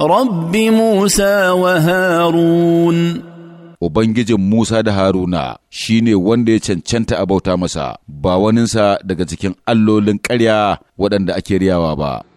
رب موسى وهارون Ubangijin Musa da Haruna shi ne wanda ya cancanta a bauta masa, ba waninsa daga cikin allolin ƙarya waɗanda ake riyawa ba.